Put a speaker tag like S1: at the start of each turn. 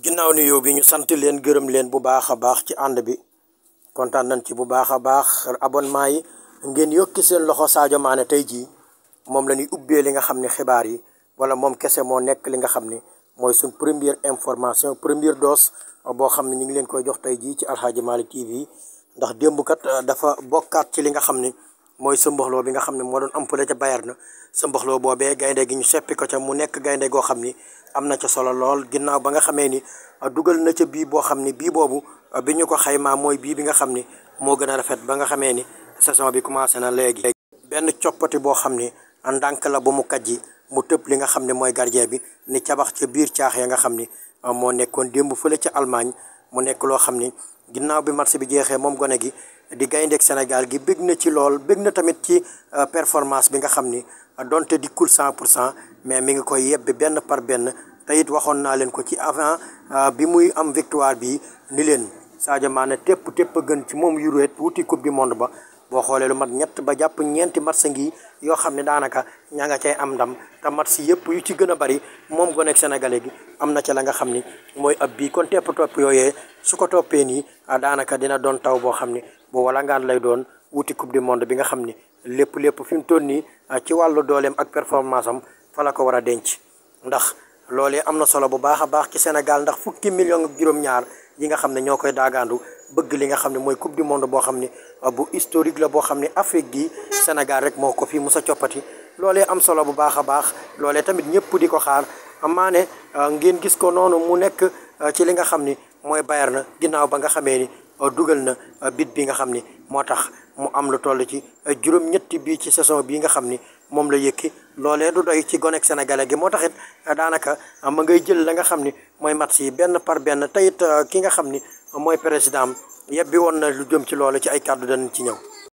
S1: ginnaaw ni yow bi ñu sant leen gërëm leen bu baax a baax ci ànd bi kontaan nañ ci bu baax a baax abonnement yi ngeen yokki seen loxo Sadio Mané tey jii moom la ñuy ubbee li nga xam ne xibaar yi wala moom kese moo nekk li nga xam ne mooy suñ première information première dose boo xam ne ñu ngi leen koy jox tey jii ci Aladji Malick TV ndax démb kat dafa bokkaat ci li nga xam ne mooy sëmbaxloo bi nga xam ne moo doon am ampule ca Bayern sëmbaxloo boobee gaynde gi ñu seppi ko ca mu nekk gaynde goo xam ni am na ca solo lool ginnaaw ba nga xamee ni ah, dugal na ca bii boo xam ni bii boobu ah, bi ñu ko xaymaa mooy bii bi nga xam ni moo gën a rafet ba nga xamee ni saison bi commencé na léegi. benn coppati boo xam ni ah, ndànk la bu mu kàjji mu tëb li nga xam ne mooy gardien bi ni cabax ca biir caax ya nga xam ni moo nekkoon démb fële ca Allemagne mu nekk loo xam ni ginnaaw bi match bi jeexee moom gone gi. di gayndeek Sénégal gi bég na ci lool bég na tamit ci euh, performance bi nga xam ni euh, donte dikkul cent pour cent mais mi ngi koy yebbi benn par benn te it waxoon naa leen ko ci avant euh, bi muy am victoire bi ni leen Sadio Mané tépp tépp a gën ci moom yuréet tuuti coupe du monde ba boo xoolee lu mat ñett ba jàpp ñeenti match ngi yoo xam ne daanaka ñaa nga cay am ndam te match yëpp yu ci gën a bari moom gonek sénégalais gi am na ci la nga xam ni mooy ab bii kon tepp topp yooyee su ko toppee nii ah, daanaka dina doon taw boo xam ni boo wala ngaan lay doon wuti coupe du monde bi nga xam ni lépp lépp fi mu toll nii ah, ci wàllu dooleem ak performance am fa la ko war a denc ndax loolee am na solo bu baax a baax ci Sénégal ndax fukki million ak juróom nga xam ne ñoo koy daagaandu bëgg li nga xam ne mooy coupe du monde boo xam ne euh, bu historique la boo xam ne Afrique gi Sénégal rek moo ko fii sa coppati loolee am solo bu baax a baax loolee tamit ñëpp di ko xaar amaa ne euh, ngeen gis ko noonu mu nekk euh, ci li nga xam ni mooy bayar na ginnaaw ba nga xamee ni dugal na bit bi nga xam ni moo tax mu am lu toll ci juróom bii ci saison bii nga xam ni moom la yëkki loolee du doy ci gonek sénégalais gi moo tax it daanaka ma ngay jël la nga xam ni mooy mat yi benn par benn teyit ki nga xam ni mooy président am yebbi woon na lu jëm ci loolu ci ay kàddu danañ ci ñëw.